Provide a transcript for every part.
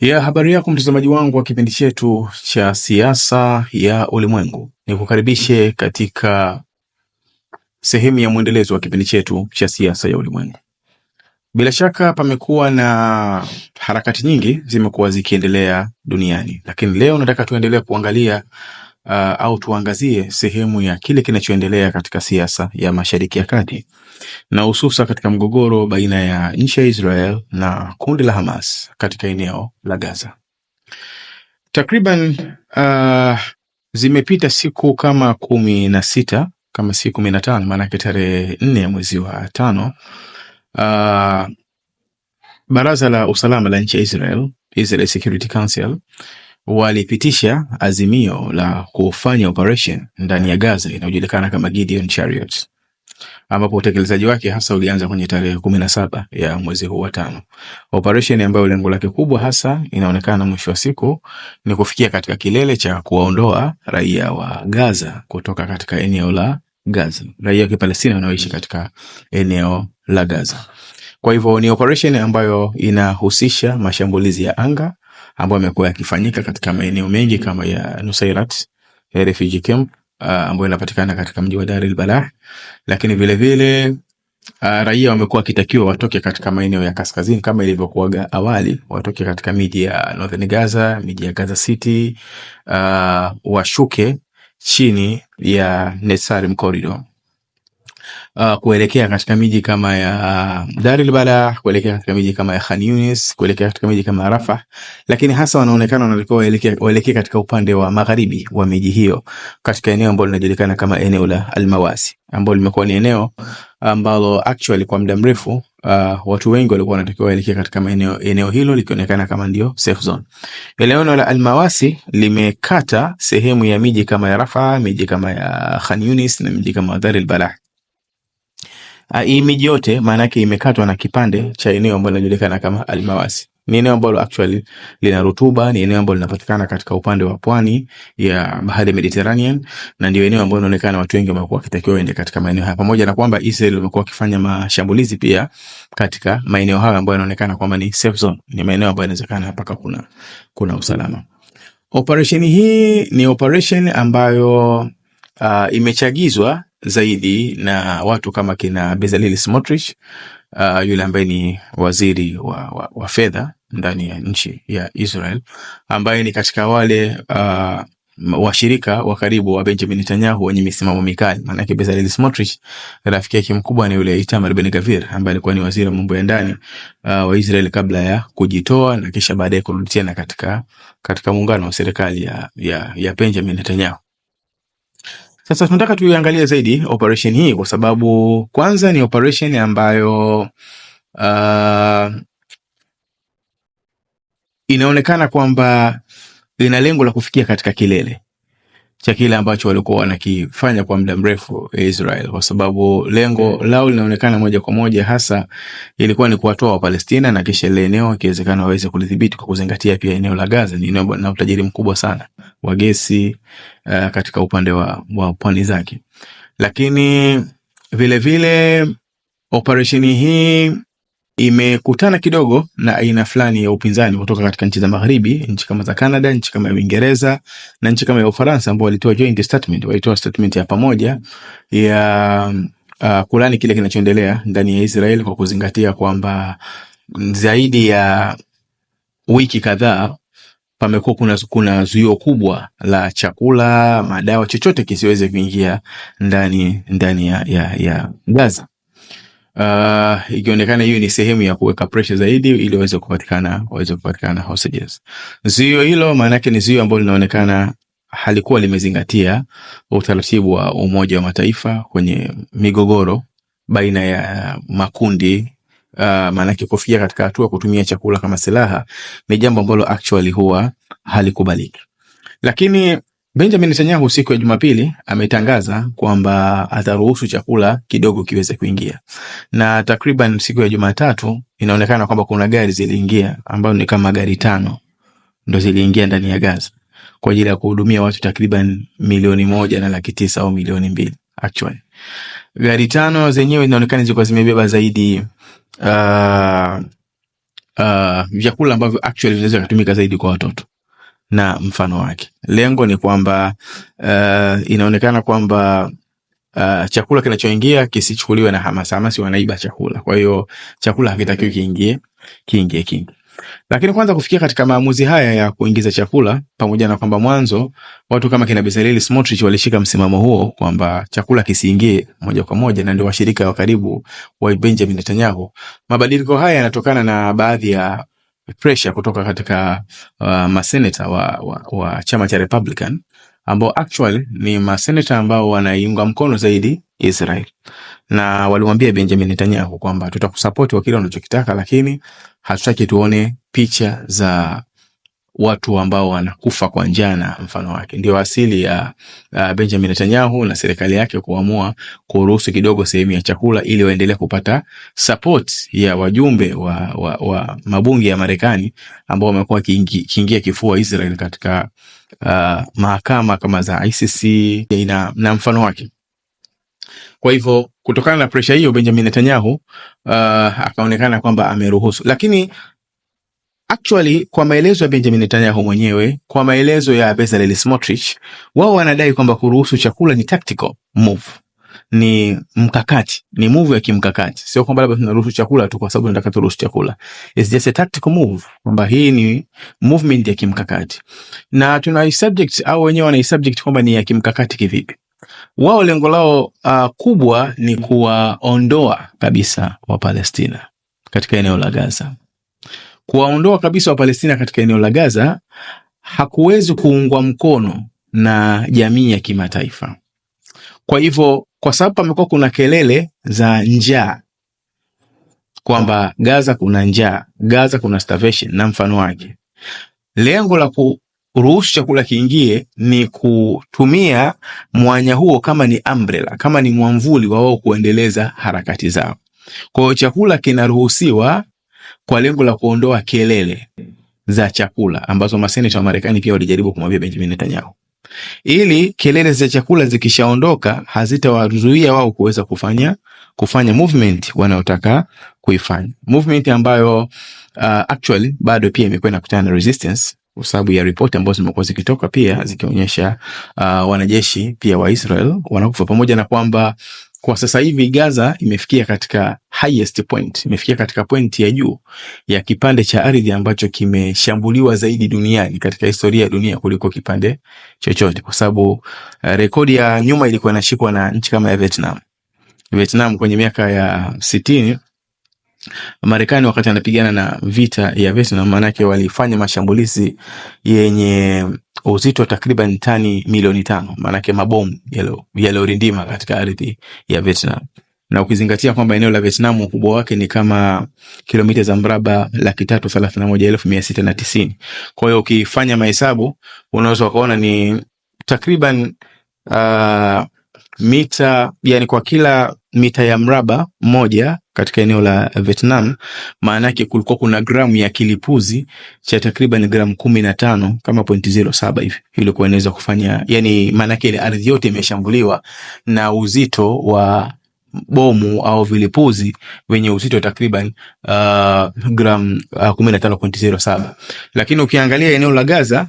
Ya habari yako mtazamaji wangu wa kipindi chetu cha siasa ya ulimwengu, nikukaribishe katika sehemu ya mwendelezo wa kipindi chetu cha siasa ya ulimwengu. Bila shaka pamekuwa na harakati nyingi zimekuwa zikiendelea duniani, lakini leo nataka tuendelee kuangalia uh, au tuangazie sehemu ya kile kinachoendelea katika siasa ya Mashariki ya Kati na hususa katika mgogoro baina ya nchi ya Israel na kundi la Hamas katika eneo la Gaza. Takriban uh, zimepita siku kama kumi na sita kama siku kumi na tano maanake tarehe nne ya mwezi wa tano uh, baraza la usalama la nchi ya Israel, Israel Security Council walipitisha azimio la kufanya operation ndani ya Gaza inayojulikana kama Gideon Chariots ambapo utekelezaji wake hasa ulianza kwenye tarehe kumi na saba ya mwezi huu wa tano. Operesheni ambayo lengo lake kubwa hasa inaonekana mwisho wa siku ni kufikia katika kilele cha kuwaondoa raia wa Gaza kutoka katika eneo la Gaza, raia wa Kipalestina wanaoishi katika eneo la Gaza. Kwa hivyo ni operesheni ambayo inahusisha mashambulizi ya anga ambayo yamekuwa yakifanyika katika maeneo mengi kama ya Nusairat refugee camp uh, ambayo inapatikana katika mji wa Dar el Balah, lakini vilevile vile, uh, raia wamekuwa wakitakiwa watoke katika maeneo ya kaskazini kama ilivyokuwa awali, watoke katika miji ya Northern Gaza, miji ya Gaza City, uh, washuke chini ya Nesarim Corridor uh, kuelekea katika miji kama ya Darul Balah, kuelekea katika miji kama ya Khan Yunis, kuelekea katika miji kama ya Rafah, lakini hasa wanaonekana wanalikuwa waelekea waelekea katika upande wa magharibi wa miji hiyo katika eneo ambalo linajulikana kama eneo la Almawasi ambalo limekuwa ni eneo ambalo actually kwa muda mrefu uh, watu wengi walikuwa wanatakiwa waelekea katika maeneo eneo hilo likionekana kama ndio safe zone. Eneo la Almawasi limekata sehemu ya miji kama ya Rafa, miji kama ya Khan Yunis na miji kama Dar el Balah. Ah, hii miji yote maana yake imekatwa na kipande cha eneo ambalo linajulikana kama Almawasi. Ni eneo ambalo actually lina rutuba, ni eneo ambalo linapatikana katika upande wa pwani ya bahari Mediterranean, na ndio eneo ambalo inaonekana watu wengi wamekuwa wakitakiwa waende katika maeneo haya, pamoja na kwamba Israel wamekuwa wakifanya mashambulizi pia katika maeneo hayo ambayo yanaonekana kwamba ni safe zone, ni maeneo ambayo inawezekana hapa kuna kuna usalama. Operation hii ni operation ambayo uh, imechagizwa zaidi na watu kama kina Bezalel Smotrich uh, yule ambaye ni waziri wa, wa, wa fedha ndani ya nchi ya Israel ambaye ni katika wale uh, washirika wa karibu wa Benjamin Netanyahu wenye misimamo mikali. Maana yake Bezalel Smotrich rafiki yake mkubwa ni yule Itamar Ben Gavir ambaye alikuwa ni waziri wa mambo ya ndani uh, wa Israel kabla ya kujitoa na kisha baadaye kurudi tena katika katika muungano wa serikali ya, ya, ya Benjamin Netanyahu. Sasa tunataka tuiangalie zaidi operation hii kwa sababu kwanza ni operation ambayo uh, inaonekana kwamba ina lengo la kufikia katika kilele cha kile ambacho walikuwa wanakifanya kwa muda mrefu eh, Israel, kwa sababu lengo mm. lao linaonekana moja kwa moja hasa ilikuwa ni kuwatoa Wapalestina na kisha ile eneo ikiwezekana waweze kulidhibiti, kwa kuzingatia pia eneo la Gaza ni eneo na utajiri mkubwa sana wa gesi uh, katika upande wa, wa pwani zake, lakini vilevile operesheni hii imekutana kidogo na aina fulani ya upinzani kutoka katika nchi za magharibi, nchi kama za Canada, nchi kama ya Uingereza na nchi kama ya Ufaransa ambao walitoa joint statement, walitoa statement ya pamoja ya uh, kulani kile kinachoendelea ndani ya Israel kwa kuzingatia kwamba zaidi ya wiki kadhaa pamekuwa kuna, kuna zuio kubwa la chakula, madawa, chochote kisiweze kuingia ndani ndani ya, ya, ya Gaza uh, ikionekana hiyo ni sehemu ya kuweka pressure zaidi ili waweze kupatikana waweze kupatikana hostages. Zuio hilo maana yake ni zuio ambalo linaonekana halikuwa limezingatia utaratibu wa Umoja wa Mataifa kwenye migogoro baina ya makundi uh, maanake kufikia katika hatua kutumia chakula kama silaha ni jambo ambalo actually huwa halikubaliki, lakini Benjamin Netanyahu siku ya Jumapili ametangaza kwamba ataruhusu chakula kidogo kiweze kuingia, na takriban siku ya Jumatatu inaonekana kwamba kuna gari ziliingia ambayo ni kama gari tano ndo ziliingia ndani ya Gaza kwa ajili ya kuhudumia watu takriban milioni moja na laki tisa au milioni mbili actually. Gari tano zenyewe inaonekana zilikuwa zimebeba zaidi uh, uh, vyakula ambavyo actually vinaweza kutumika zaidi kwa watoto na mfano wake. Lengo ni kwamba uh, inaonekana kwamba uh, chakula kinachoingia kisichukuliwe na hamasa. Hamasi wanaiba chakula, kwa hiyo chakula hakitakiwi kiingie kiingie kingi. Lakini kwanza kufikia katika maamuzi haya ya kuingiza chakula, pamoja na kwamba mwanzo watu kama kina Bezaleli Smotrich walishika msimamo huo kwamba chakula kisiingie moja kwa moja, na ndio washirika wa karibu wa Benjamin Netanyahu. Mabadiliko haya yanatokana na baadhi ya pressure kutoka katika uh, maseneta wa, wa, wa chama cha Republican ambao actually ni maseneta ambao wanaiunga mkono zaidi Israel, na walimwambia Benjamin Netanyahu kwamba tutakusupport kwa kile unachokitaka, lakini hatutaki tuone picha za watu ambao wanakufa kwa njana mfano wake. Ndio asili ya uh, Benjamin Netanyahu na serikali yake kuamua kuruhusu kidogo sehemu ya chakula ili waendelee kupata support ya wajumbe wa, wa, wa mabunge ya Marekani ambao wamekuwa kiingia kifua Israel katika uh, mahakama kama za ICC na, na mfano wake. Kwa hivyo kutokana na presha hiyo Benjamin Netanyahu uh, akaonekana kwamba ameruhusu, lakini Actually, kwa maelezo ya Benjamin Netanyahu mwenyewe, kwa maelezo ya Bezalel Smotrich, wao wanadai kwamba kuruhusu chakula ni tactical move, ni mkakati, ni move ya kimkakati. Sio kwamba labda tunaruhusu chakula tu kwa sababu tunataka turuhusu chakula. It's just a tactical move, kwamba hii ni movement ya kimkakati, na tuna subject au wenyewe wana subject kwamba ni ya kimkakati kivipi? Wao lengo lao uh, kubwa ni kuwaondoa kabisa wa Palestina katika eneo la Gaza. Kuwaondoa kabisa Wapalestina katika eneo la Gaza hakuwezi kuungwa mkono na jamii ya kimataifa. Kwa hivyo, kwa sababu pamekuwa kuna kelele za njaa kwamba Gaza kuna njaa, Gaza kuna starvation na mfano wake, lengo la kuruhusu chakula kiingie ni kutumia mwanya huo kama ni umbrella, kama ni mwamvuli wa wao kuendeleza harakati zao. Kwa hiyo chakula kinaruhusiwa kwa lengo la kuondoa kelele za chakula ambazo maseneta wa Marekani pia walijaribu kumwambia Benjamin Netanyahu, ili kelele za chakula zikishaondoka hazitawazuia wao kuweza kufanya kufanya movement wanayotaka kuifanya, movement ambayo uh, actually bado pia imekuwa inakutana na resistance kwa sababu ya ripoti ambazo zimekuwa zikitoka pia zikionyesha uh, wanajeshi pia wa Israel wanakufa pamoja na kwamba kwa sasa hivi Gaza imefikia katika highest point, imefikia katika point ya juu ya kipande cha ardhi ambacho kimeshambuliwa zaidi duniani katika historia ya dunia kuliko kipande chochote, kwa sababu uh, rekodi ya nyuma ilikuwa inashikwa na nchi kama ya Vietnam. Vietnam kwenye miaka ya sitini Marekani wakati anapigana na vita ya Vietnam, maanake walifanya mashambulizi yenye uzito wa takriban tani milioni tano, maanake mabomu yaliyorindima katika ardhi ya Vietnam, na ukizingatia kwamba eneo la Vietnam ukubwa wake ni kama kilomita za mraba laki tatu thelathini na moja elfu mia sita na tisini. Kwa hiyo ukifanya mahesabu unaweza ukaona ni takriban uh, mita yani, kwa kila mita ya mraba moja katika eneo la Vietnam, maana yake kulikuwa kuna gramu ya kilipuzi cha takriban gramu kumi na tano kama point zero saba hivi, ilikuwa inaweza kufanya yani, maana yake ile ardhi yote imeshambuliwa na uzito wa bomu au vilipuzi wenye uzito takriban uh, gramu uh, kumi na tano pointi zero saba. Lakini ukiangalia eneo la Gaza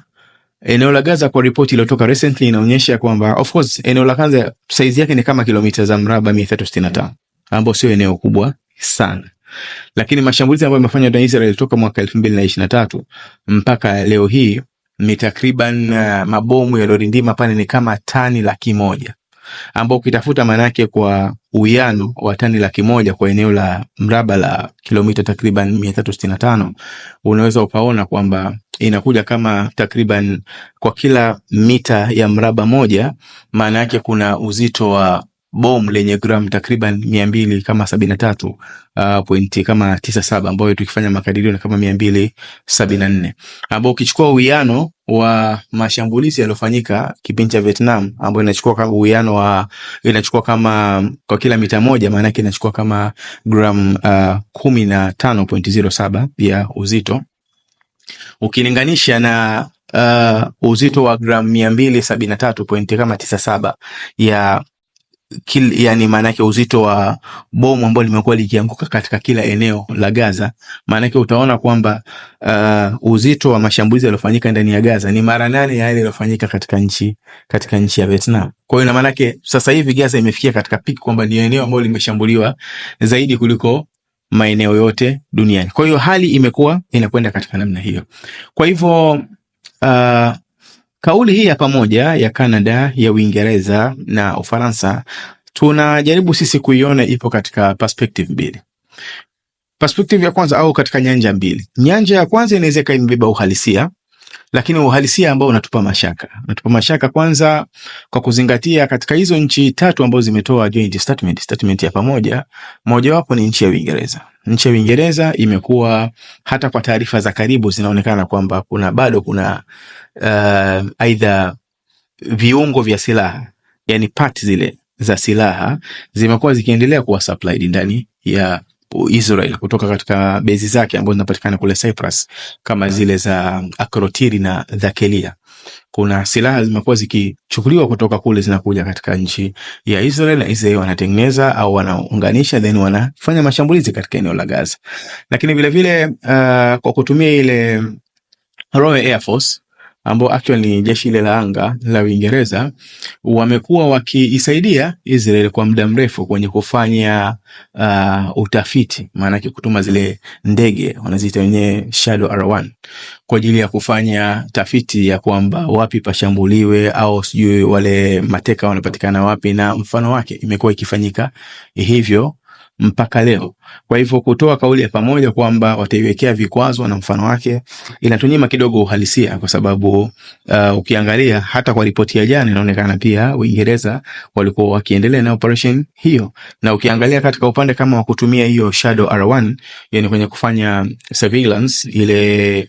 eneo la Gaza kwa ripoti iliyotoka recently inaonyesha kwamba of course eneo la Gaza saizi yake ni kama kilomita za mraba mia tatu sitini na tano ambao sio eneo kubwa sana lakini mashambulizi ambayo yamefanywa na Israel toka mwaka elfu mbili na ishirini na tatu mpaka leo hii ni takriban uh, mabomu yaliyorindima pale ni kama tani laki moja ambao ukitafuta maana yake kwa uwiano wa tani laki moja kwa eneo la mraba la kilomita takriban mia tatu sitini na tano unaweza ukaona kwamba inakuja kama takriban kwa kila mita ya mraba moja, maana yake kuna uzito wa bomu lenye gramu takriban mia mbili kama sabini na tatu uh, pointi kama tisa saba ambayo tukifanya makadirio ni kama mia mbili sabini na nne ambao ukichukua uwiano wa mashambulizi yaliyofanyika kipindi cha Vietnam ambayo inachukua kama uwiano wa inachukua kama kwa kila mita moja, maana yake inachukua kama gram uh, kumi na tano point zero saba ya uzito ukilinganisha na uh, uzito wa gram mia mbili sabini na tatu pointi kama tisa saba ya kil, yani maana yake uzito wa bomu ambalo limekuwa likianguka katika kila eneo la Gaza. Maana yake utaona kwamba uh, uzito wa mashambulizi yaliyofanyika ndani ya Gaza ni mara nane ya yale yaliyofanyika katika nchi katika nchi ya Vietnam. Kwa hiyo na maana yake sasa hivi Gaza imefikia katika piki kwamba ni eneo ambalo limeshambuliwa zaidi kuliko maeneo yote duniani. Kwa hiyo hali imekuwa inakwenda katika namna hiyo. Kwa hivyo uh, Kauli hii ya pamoja ya Kanada, ya Uingereza na Ufaransa tunajaribu sisi kuiona ipo katika perspective mbili. Perspective ya kwanza au katika nyanja mbili. Nyanja ya kwanza inaweza imebeba uhalisia, lakini uhalisia ambao unatupa mashaka. Unatupa mashaka kwanza kwa kuzingatia katika hizo nchi tatu ambazo zimetoa joint statement, statement ya pamoja, mojawapo ni nchi ya Uingereza nchi ya Uingereza imekuwa hata kwa taarifa za karibu zinaonekana kwamba kuna bado kuna uh, aidha viungo vya silaha yani part zile za silaha zimekuwa zikiendelea kuwa supplied ndani ya Israel kutoka katika bezi zake ambazo zinapatikana kule Cyprus kama hmm. zile za Akrotiri na Dhakelia kuna silaha zimekuwa zikichukuliwa kutoka kule zinakuja katika nchi ya Israel na Israel wanatengeneza au wanaunganisha then wanafanya mashambulizi katika eneo la Gaza, lakini vilevile uh, kwa kutumia ile Royal Air Force ambao actually ni jeshi ile la anga la Uingereza, wamekuwa wakiisaidia Israel kwa muda mrefu kwenye kufanya uh, utafiti, maana yake kutuma zile ndege wanaziita wenyewe Shadow R1 kwa ajili ya kufanya tafiti ya kwamba wapi pashambuliwe au sijui wale mateka wanapatikana wapi na mfano wake. Imekuwa ikifanyika hivyo mpaka leo. Kwa hivyo kutoa kauli ya pamoja kwamba wataiwekea vikwazo na mfano wake inatunyima kidogo uhalisia, kwa sababu uh, ukiangalia hata kwa ripoti ya jana inaonekana pia Uingereza walikuwa wakiendelea na operation hiyo, na ukiangalia katika upande kama wa kutumia hiyo Shadow R1, yani kwenye kufanya surveillance ile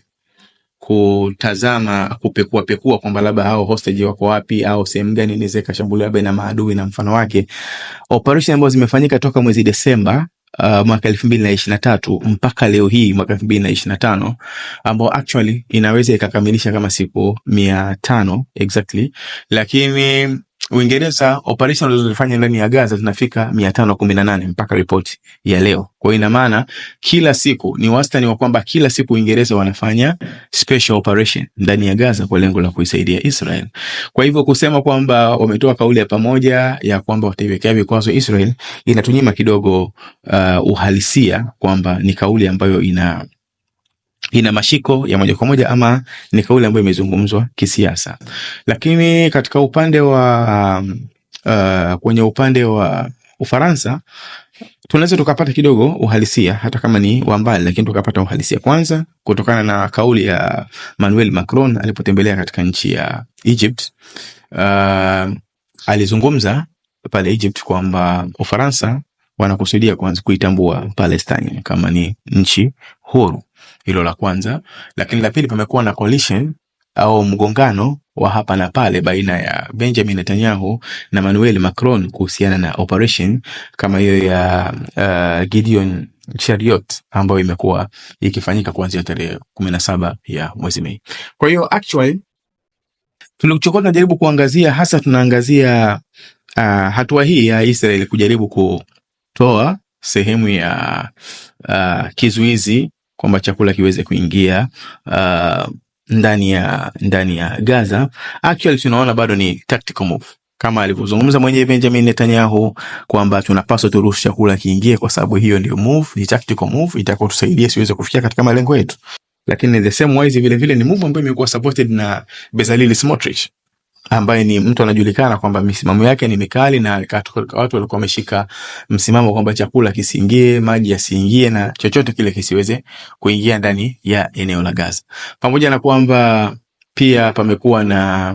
kutazama kupekua pekua kwamba labda hao hostage wako wapi au sehemu gani inaweza ikashambuliwa labda na maadui na mfano wake. Operation ambazo zimefanyika toka mwezi Desemba Uh, mwaka elfu mbili na ishirini na tatu mpaka leo hii mwaka elfu mbili na ishirini na tano ambao actually inaweza ikakamilisha kama siku mia tano exactly, lakini Uingereza, operation walizofanya ndani ya Gaza zinafika 518 mpaka ripoti ya leo. Kwa hiyo ina maana kila siku ni wastani wa kwamba kila siku Uingereza wanafanya special operation ndani ya Gaza kwa lengo la kuisaidia Israel. Kwa hivyo kusema kwamba wametoa kauli ya pamoja ya kwamba wataiwekea vikwazo Israel inatunyima kidogo uh, uhalisia kwamba ni kauli ambayo ina ina mashiko ya moja kwa moja ama ni kauli ambayo imezungumzwa kisiasa. Lakini katika upande wa um, uh, kwenye upande wa Ufaransa tunaweza tukapata kidogo uhalisia hata kama ni wa mbali, lakini tukapata uhalisia kwanza, kutokana na kauli ya Manuel Macron alipotembelea katika nchi ya Egypt. Uh, alizungumza pale Egypt kwamba Ufaransa wanakusudia kuanza kuitambua Palestine kama ni nchi huru. Hilo la kwanza, lakini la pili, pamekuwa na coalition au mgongano wa hapa na pale baina ya Benjamin Netanyahu na Manuel Macron kuhusiana na operation kama hiyo ya uh, Gideon Chariot ambayo imekuwa ikifanyika kuanzia tarehe kumi na saba ya mwezi Mei. Kwa hiyo actually tulichokuwa tunajaribu kuangazia hasa tunaangazia uh, hatua hii ya Israel kujaribu kutoa sehemu ya uh, kizuizi kwamba chakula kiweze kuingia uh, ndani ya ndani ya Gaza. Actually tunaona bado ni tactical move kama alivyozungumza mwenyewe Benjamin Netanyahu kwamba tunapaswa turuhusu chakula kiingie, kwa sababu hiyo ndio move, ni tactical move itakayotusaidia siweze kufikia katika malengo yetu, lakini the same wise vile vile ni move ambayo imekuwa supported na Bezalel Smotrich ambaye ni mtu anajulikana kwamba misimamo yake ni mikali na watu walikuwa wameshika msimamo kwamba chakula kisiingie, maji yasiingie na chochote kile kisiweze kuingia ndani ya eneo la Gaza. Pamoja na kwamba pia pamekuwa na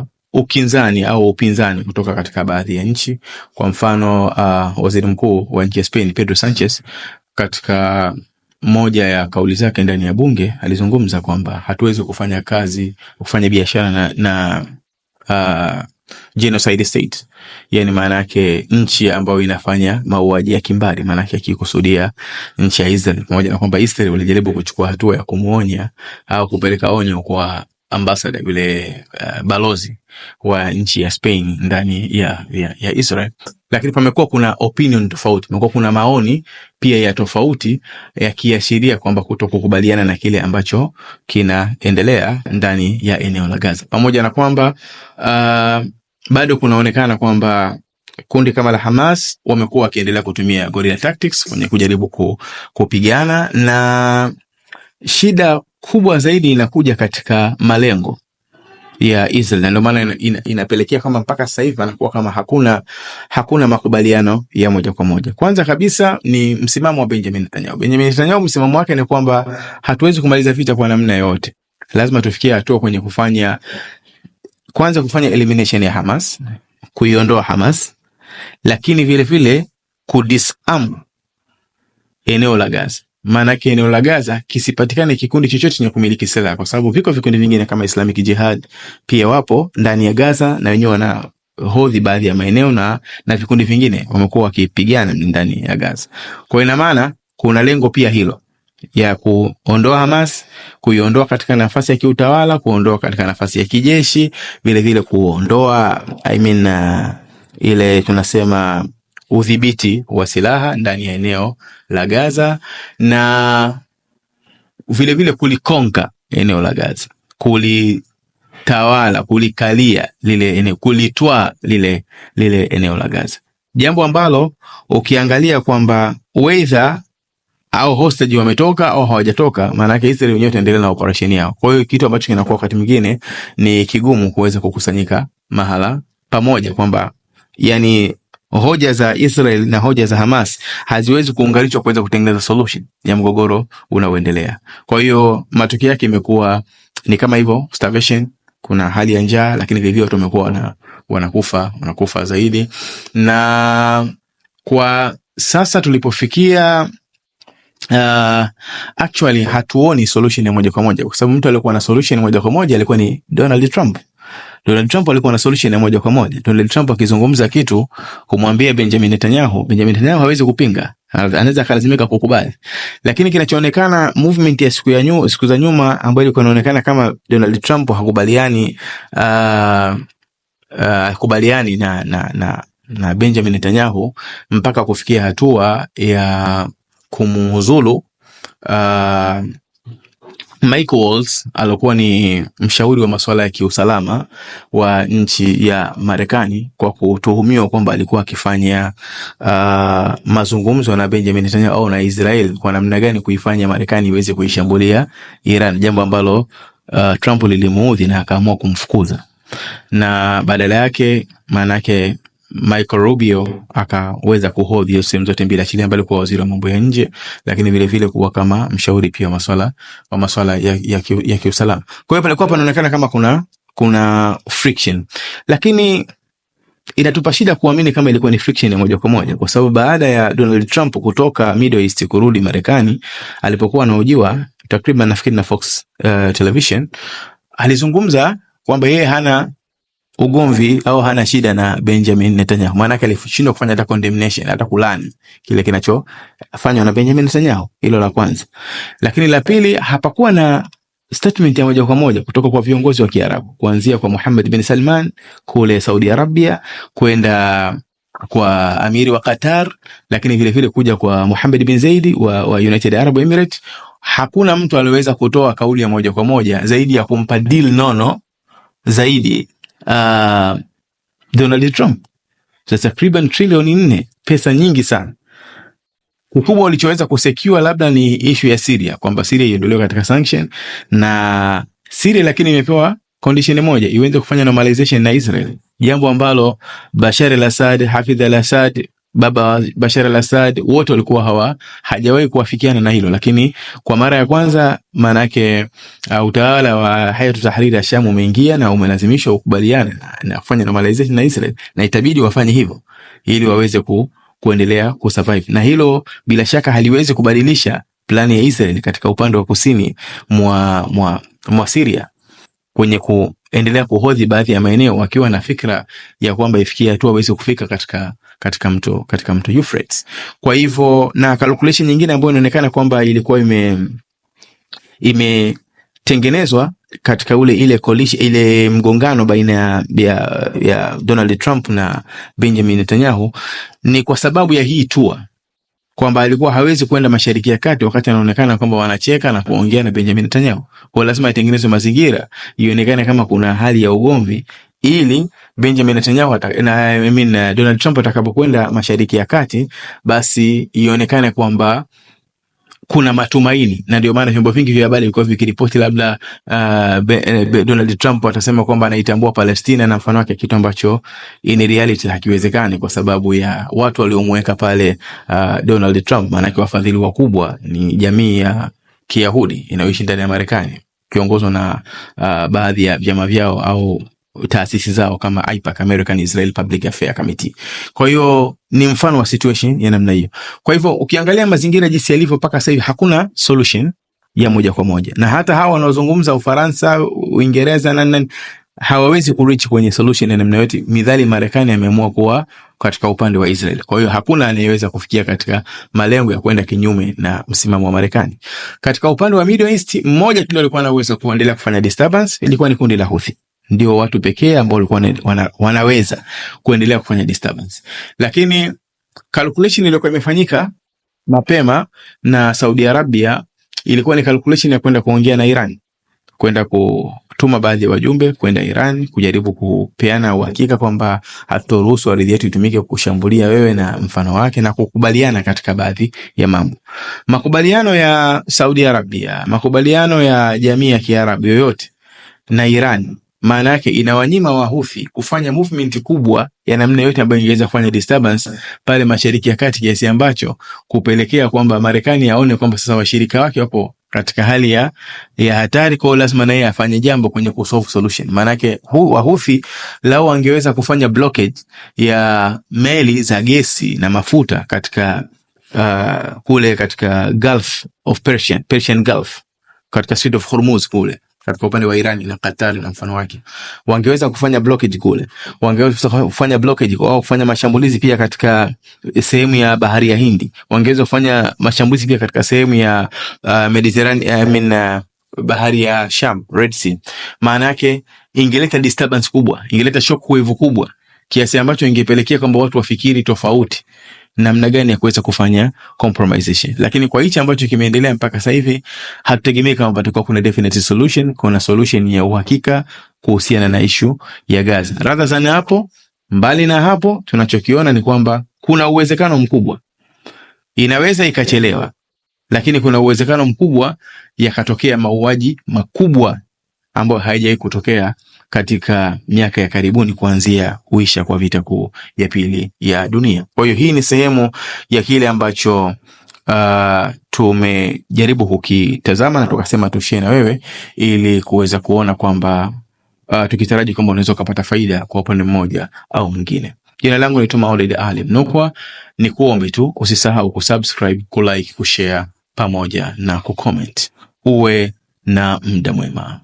uh, ukinzani au upinzani kutoka katika baadhi ya nchi. Kwa mfano uh, waziri mkuu wa nchi ya Spain Pedro Sanchez katika moja ya kauli zake ndani ya bunge alizungumza kwamba hatuwezi kufanya kazi kufanya biashara na, na uh, genocide state, yani maana yake nchi ambayo inafanya mauaji ya kimbari, maana yake akikusudia nchi ya Israel, pamoja na kwamba Israel walijaribu kuchukua hatua ya kumuonya au kupeleka onyo kwa ambasada yule uh, balozi wa nchi ya Spain ndani ya, ya, ya Israel. Lakini pamekuwa kuna opinion tofauti, pamekuwa kuna maoni pia ya tofauti yakiashiria kwamba kutokukubaliana na kile ambacho kinaendelea ndani ya eneo la Gaza, pamoja na kwamba uh, bado kunaonekana kwamba kundi kama la Hamas wamekuwa wakiendelea kutumia guerrilla tactics kwenye kujaribu ku, kupigana na shida kubwa zaidi inakuja katika malengo ya Israel na ndio maana ina, inapelekea kwamba mpaka sasa hivi anakuwa kama hakuna, hakuna makubaliano ya moja kwa moja. Kwanza kabisa ni msimamo wa Benjamin Netanyahu. Benjamin Netanyahu msimamo wake ni kwamba hatuwezi kumaliza vita kwa namna yoyote, lazima tufikie hatua kwenye kufanya kwanza, kufanya elimination ya Hamas, kuiondoa Hamas, lakini vilevile kudisarm eneo la Gaza maanake eneo la Gaza kisipatikane kikundi chochote chenye kumiliki silaha, kwa sababu viko vikundi vingine kama Islamic Jihad pia wapo ndani ya Gaza na wenyewe wana hodhi baadhi ya maeneo na, na vikundi vingine wamekuwa wakipigana ndani ya Gaza. Kwa ina maana kuna lengo pia hilo ya kuondoa Hamas, kuiondoa katika nafasi ya kiutawala, kuondoa katika nafasi ya kijeshi, vilevile kuondoa I mean, uh, ile tunasema udhibiti wa silaha ndani ya eneo la Gaza na vilevile kulikonga eneo la Gaza, kulitawala, kulikalia lile eneo, kulitwaa lile lile eneo la Gaza, jambo ambalo ukiangalia kwamba weidha au hostage wametoka au hawajatoka, maana yake Israeli wenyewe itaendelea na operesheni yao. Kwa hiyo kitu ambacho kinakuwa wakati mwingine ni kigumu kuweza kukusanyika mahala pamoja, kwamba yani hoja za Israel na hoja za Hamas haziwezi kuunganishwa kuweza kutengeneza solution ya mgogoro unaoendelea. Kwa hiyo matokeo yake imekuwa ni kama hivyo starvation, kuna hali ya njaa, lakini vivyo watu wamekuwa wana, wanakufa wanakufa zaidi, na kwa sasa tulipofikia Uh, actually hatuoni solution ya moja kwa moja kwa sababu mtu aliyekuwa na solution moja kwa moja alikuwa ni Donald Trump. Donald Trump alikuwa na solution ya moja kwa moja. Donald Trump akizungumza kitu kumwambia Benjamin Netanyahu, Benjamin Netanyahu hawezi kupinga, anaweza akalazimika kukubali. Lakini kinachoonekana movement ya siku ya nyu, siku za nyuma ambayo ilikuwa inaonekana kama Donald Trump hakubaliani uh, uh, kubaliani na, na, na, na Benjamin Netanyahu mpaka kufikia hatua ya kumuuzulu uh, Michael Waltz alikuwa ni mshauri wa masuala ya kiusalama wa nchi ya Marekani kwa kutuhumiwa kwamba alikuwa akifanya uh, mazungumzo na Benjamin Netanyahu au na Israel kwa namna gani kuifanya Marekani iweze kuishambulia Iran, jambo ambalo uh, Trump lilimuudhi na akaamua kumfukuza na badala yake maana yake Michael Rubio akaweza kuhodhi hiyo sehemu zote mbili, achilia mbali kwa waziri wa mambo ya nje, lakini vile vile kuwa kama mshauri pia wa masuala wa masuala ya, ya, ya kiusalama. Kwa hiyo palikuwa panaonekana kama kuna kuna friction, lakini inatupa shida kuamini kama ilikuwa ni friction ya moja kwa moja, kwa sababu baada ya Donald Trump kutoka Middle East kurudi Marekani, alipokuwa anaojiwa takriban nafikiri na Fox uh, television alizungumza kwamba yeye hana ugomvi au hana shida na Benjamin Netanyahu. Maana yake alishindwa kufanya hata condemnation, hata kulani kile kinachofanywa na Benjamin Netanyahu. Hilo la kwanza. Lakini la pili, hapakuwa na statement ya moja kwa moja kutoka kwa viongozi wa Kiarabu, kuanzia kwa Muhammad bin Salman kule Saudi Arabia kwenda kwa amiri wa Qatar, lakini vile vile kuja kwa Muhammad bin Zaidi wa, wa United Arab Emirates. Hakuna mtu aliweza kutoa kauli ya moja kwa moja zaidi ya kumpa deal nono zaidi uh, Donald Trump za takriban trilioni nne, pesa nyingi sana. Kikubwa walichoweza kusecure labda ni ishu ya siria kwamba siria iondolewe katika sanction na siria lakini imepewa condition moja, iweze kufanya normalization na Israel, jambo ambalo Bashar al-Assad, Hafidh al-Assad baba wa Bashar al-Assad wote walikuwa hawa hajawahi kuafikiana na hilo, lakini kwa mara ya kwanza maanake uh, utawala wa Hayatu Tahrir ya Sham umeingia na umelazimishwa ukubaliane na kufanya normalization na Israel, na itabidi wafanye hivyo ili waweze ku, kuendelea kusurvive, na hilo bila shaka haliwezi kubadilisha plani ya Israel katika upande wa kusini mwa, mwa, mwa Syria kwenye kuendelea kuhodhi baadhi ya maeneo wakiwa na fikra ya kwamba ifikie hatua waweze kufika katika katika mto katika mto Euphrates. Kwa hivyo na calculation nyingine ambayo inaonekana kwamba ilikuwa ime imetengenezwa katika ule ile coalition, ile mgongano baina ya, ya, ya Donald Trump na Benjamin Netanyahu ni kwa sababu ya hii tua kwamba alikuwa hawezi kwenda Mashariki ya Kati wakati anaonekana kwamba wanacheka na kuongea na Benjamin Netanyahu. Kwa lazima itengenezwe mazingira ionekane kama kuna hali ya ugomvi ili Benjamin Netanyahu na I mean, uh, Donald Trump atakapokwenda Mashariki ya Kati basi ionekane kwamba kuna matumaini, na ndio maana vyombo vingi vya habari vilikuwa vikiripoti labda uh, be, eh, be, Donald Trump atasema kwamba anaitambua Palestina na mfano wake, kitu ambacho in reality hakiwezekani kwa sababu ya watu waliomweka pale uh, Donald Trump. Maanake wafadhili wakubwa ni jamii ya Kiyahudi inayoishi ndani ya Marekani kiongozwa na uh, baadhi ya vyama vyao au taasisi zao kama IPAC, American Israel Public Affairs Committee. Kwa hiyo ni mfano wa situation ya namna hiyo. Kwa hivyo ukiangalia mazingira jinsi yalivyo mpaka sasa hivi hakuna solution ya moja kwa moja, na hata hawa wanaozungumza Ufaransa, Uingereza na nani hawawezi kureach kwenye solution ya namna yote, midhali Marekani ameamua kuwa katika upande wa Israel. Kwa hiyo hakuna anayeweza kufikia katika malengo ya kwenda kinyume na msimamo wa Marekani. Katika upande wa Middle East, mmoja tu alikuwa na uwezo kuendelea kufanya disturbance, ilikuwa ni kundi la Houthi ndio watu pekee ambao walikuwa wana, wanaweza kuendelea kufanya disturbance. Lakini calculation iliyokuwa imefanyika mapema na Saudi Arabia ilikuwa ni calculation ya kwenda kuongea na Iran, kwenda kutuma baadhi ya wajumbe kwenda Iran kujaribu kupeana uhakika kwamba hatutoruhusu ardhi yetu itumike kushambulia wewe na mfano wake, na kukubaliana katika baadhi ya mambo. Makubaliano ya Saudi Arabia, makubaliano ya jamii ya Kiarabu yoyote na Iran maana yake inawanyima wahuthi kufanya movement kubwa ya namna yote ambayo ingeweza kufanya disturbance pale Mashariki ya Kati, kiasi ambacho kupelekea kwamba Marekani aone kwamba sasa washirika wake wapo katika hali ya, ya hatari. Kwa lazima naye afanye jambo kwenye kusolve solution. Maanake wahuthi lao wangeweza kufanya blockage ya meli za gesi na mafuta katika uh, kule katika Gulf of Persian, Persian Gulf katika Strait of Hormuz kule katika upande wa Iran na Qatar na mfano wake, wangeweza kufanya blockage kule, wangeweza kufanya blockage au kufanya mashambulizi pia katika sehemu ya bahari ya Hindi, wangeweza kufanya mashambulizi pia katika sehemu ya uh, Mediterranean I mean, uh, bahari ya Sham, Red Sea. Maana yake ingeleta disturbance kubwa, ingeleta shockwave kubwa kiasi ambacho ingepelekea kwamba watu wafikiri tofauti namna gani ya kuweza kufanya compromisation. Lakini kwa hichi ambacho kimeendelea mpaka sasa hivi, hatutegemei kama patakuwa kuna definite solution, kuna solution ya uhakika kuhusiana na ishu ya Gaza. Rather than hapo, mbali na hapo, tunachokiona ni kwamba kuna uwezekano mkubwa inaweza ikachelewa, lakini kuna uwezekano mkubwa yakatokea mauaji makubwa ambayo haijawahi kutokea katika miaka ya karibuni kuanzia kuisha kwa vita kuu ya pili ya dunia. Kwa hiyo hii ni sehemu ya kile ambacho uh, tumejaribu kukitazama na tukasema tushie na wewe ili kuweza kuona kwamba uh, tukitaraji kwamba unaweza ukapata faida kwa upande mmoja au mwingine. Jina langu ni Tuma Oled Ali Mnukwa, ni kuombe tu usisahau kusubscribe, kulike, kushare pamoja na kucomment. Uwe na muda mwema.